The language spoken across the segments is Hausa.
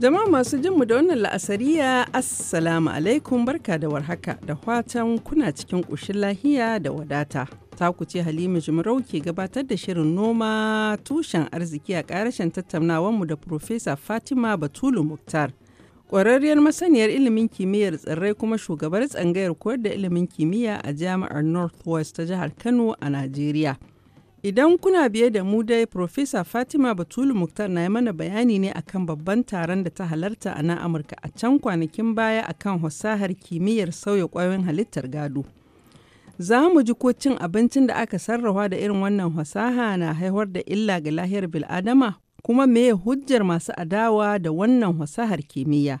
Jama'a masu jinmu da wannan la'asariya Assalamu alaikum barka da warhaka da watan kuna cikin ƙoshin lahiya da wadata. Taku ce Halima Jimarau ke gabatar da shirin noma tushen arziki a tattaunawar mu da Profesa Fatima Batulu Muktar. Ƙwararriyar masaniyar ilimin kimiyyar tsirrai kuma shugabar tsangayar koyar da ilimin kimiyya a jami'ar north west ta jihar Kano a Najeriya. Idan kuna biye da mu dai Profesa Fatima Batulu Muktar na mana bayani ne akan babban taron da ta halarta a nan Amurka a can kwanakin baya akan fasahar kimiyyar sauya ƙwayoyin halittar gado. Za mu ji ko cin abincin da aka sarrafa da irin wannan fasaha na haihuwar da illa ga lahiyar bil'adama kuma meye hujjar masu adawa da wannan fasahar kimiyya.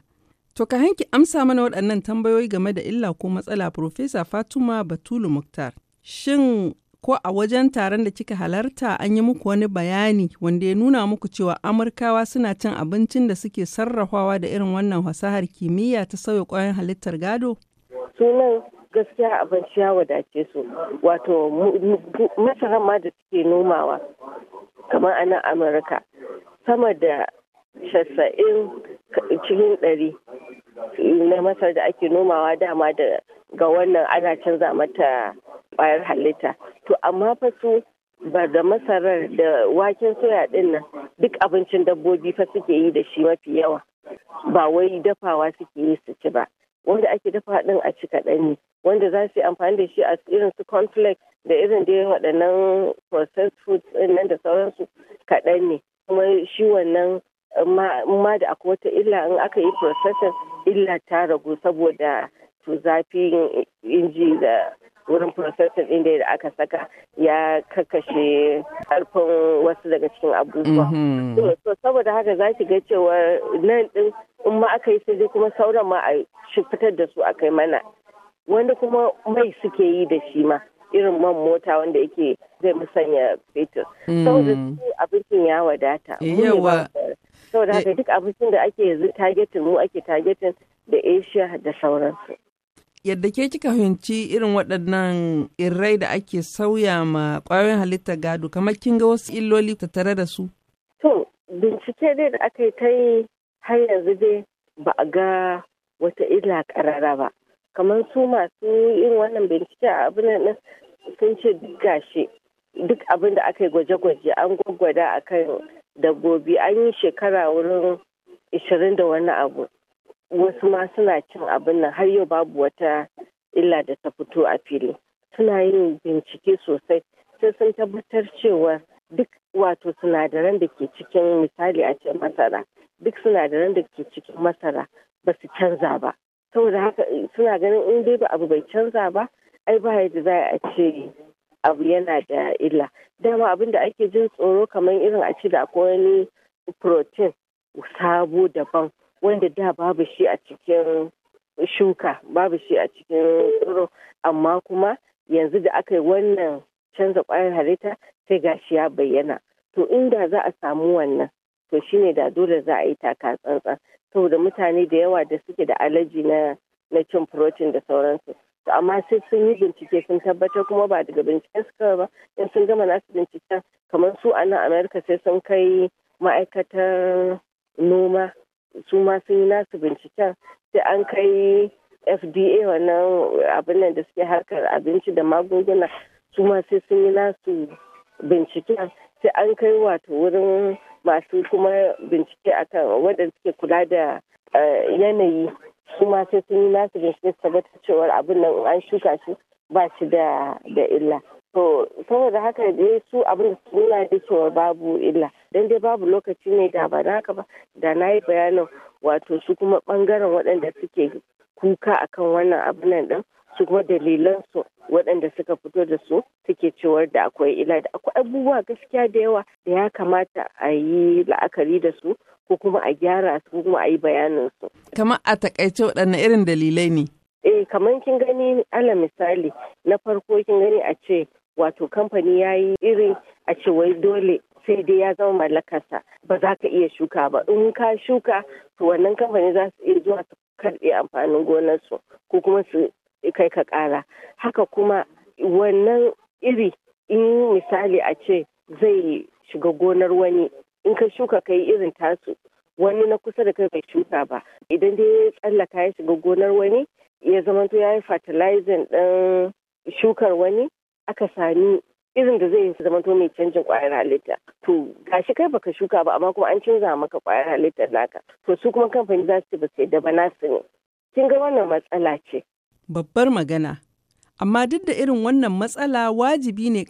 To ka hanki amsa mana waɗannan tambayoyi game da illa ko matsala Profesa Fatima Batulu Muktar. Shin ko a wajen taron da kika halarta an yi muku wani bayani wanda ya nuna muku cewa amurkawa suna cin abincin da suke sarrafawa da irin wannan fasahar kimiyya ta sauya ƙwayoyin halittar gado? sunan gaskiya abinci ya wadace su wato masara ma da suke nomawa kamar anan amurka sama da shasa'in cikin ɗari na masar da ake nomawa dama da ga wannan ana canza mata ƙwayar halitta to amma fa su ba da masarar da waken soya din nan duk abincin dabbobi fa suke yi da shi mafi yawa ba wai dafawa suke yi su ci ba wanda ake dafa din a ci kaɗan ne wanda za su yi amfani da shi a irin su conflict da irin da waɗannan processed nan da sauransu kaɗan ne kuma shi wannan ma da akwai wata illa in aka yi processing illa ta ragu saboda to zafin inji da wurin processing din da aka saka ya kakashe karfin wasu daga cikin abubuwa. Mm-hmm. So saboda haka za ki ga cewa nan ɗin in ma aka yi sai kuma sauran ma a fitar da su a kai mana. Wanda kuma mai suke yi da shi ma irin man mota wanda yake zai musanya fetur. Mm. Saboda su abincin ya wadata. Yawa. Saboda haka eh. duk abincin da ake yanzu targetin mu ake targetin da Asia da sauransu. yadda ke kika fahimci irin waɗannan irrai da ake sauya ma ƙwayoyin halitta gado kamar kin ga wasu illoli ta tare da su? To, bincike dai da aka yi ta yi har yanzu dai ba a ga wata illa ƙarara ba. Kamar su masu yin wannan bincike a abin nan sun ce duk gashi duk abin da aka yi gwaje-gwaje an gwaggwada akan dabbobi an yi shekara wurin ishirin da wani abu. wasu ma suna cin abin nan har yau babu wata illa da ta fito a fili suna yin bincike sosai sai sun tabbatar cewa duk wato sinadaran da ke cikin misali a ce masara duk sinadaran da ke cikin masara ba su canza ba saboda haka eh, suna ganin in dai ba abu bai canza ba ai ba yadda za a ce abu yana da illa dama abin da ake jin tsoro kamar irin a ce da akwai wani protein sabo daban wanda da babu shi a cikin shuka babu shi a cikin tsiro amma kuma yanzu da aka yi wannan canza kwayar halitta sai gashi ya bayyana to inda za a samu wannan to shine da dole za a yi taka tsantsan saboda mutane da yawa da suke da alaji na cin protein da sauransu to amma sai sun yi bincike sun tabbatar kuma ba daga bincike suka ba in sun gama nasu binciken kamar su a nan america sai sun kai ma'aikatar noma su ma sun yi nasu binciken sai an kai fda wannan abin da suke harkar abinci da magunguna su ma sai sun yi nasu binciken sai an kai wato wurin masu kuma bincike akan waɗanda suke kula da eh, yanayi su ma sai sun yi nasu bincike su tabbata cewa abin nan an shuka shi ba shi da illa to saboda haka dai su abin da su nuna da cewa babu illa don dai babu lokaci ne da ba haka ba da na yi bayanin wato su kuma bangaren waɗanda suke kuka akan wannan abunan din su kuma dalilan su waɗanda suka fito da su suke cewar da akwai ila da akwai abubuwa gaskiya da yawa da ya kamata a yi la'akari da su ko kuma a gyara su ko kuma a yi bayanin su. Kamar a takaice waɗanne irin dalilai ne? Eh kamar kin gani ala misali na farko kin gani a ce wato kamfani ya yi irin a ce wai dole sai dai ya zama mallakarsa ba za ka iya shuka ba in ka shuka to wannan kamfani za su iya zuwa su karɓe amfanin gonarsu ko kuma su kai ka ƙara haka kuma wannan iri in misali a ce zai shiga gonar wani in ka shuka kai irin tasu wani na kusa da kai bai shuka ba idan dai ya tsallaka ya shiga gonar wani ya zamanto ya yi fertilizing ɗin shukar wani aka sami irin da zai zama to mai canjin kwayar halitta to gashi kai baka shuka ba amma kuma an canza maka kwayar halittar naka to su kuma kamfani za su ba su yadda ba nasu ne kin ga wannan matsala ce babbar magana amma duk da irin wannan matsala wajibi ne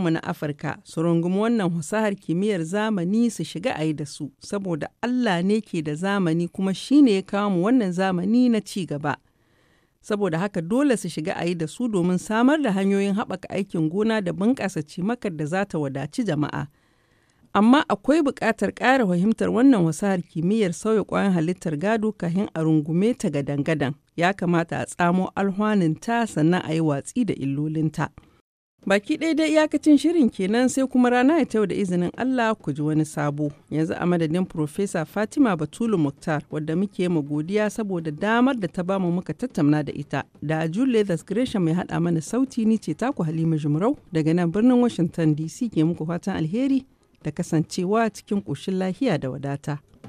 mu na afirka su rungumi wannan husahar kimiyyar zamani su shiga ayi da su saboda allah ne ke da zamani kuma shine ya kawo mu wannan zamani na ci gaba saboda haka dole su shiga a yi da su domin samar da hanyoyin haɓaka aikin gona da bunƙasa cimakar da za ta wadaci jama'a. Amma akwai buƙatar ƙara fahimtar wannan wasahar kimiyyar sauya ƙwayan halittar gado kahin a rungume ta gadan-gadan. Ya kamata a tsamo ta sannan a yi watsi da illolinta. Baki ɗaya da iyakacin shirin kenan sai kuma rana ya tau da izinin Allah ku ji wani sabo. Yanzu a madadin Profesa Fatima Batulu mukhtar wadda muke ma godiya saboda damar da ta bamu muka tattauna da ita. Da Julie Leathers Gresham mai haɗa mana sauti ni ce taku Halima Jumrau daga nan birnin Washington DC ke muku fatan alheri da kasancewa cikin ƙoshin lahiya da wadata.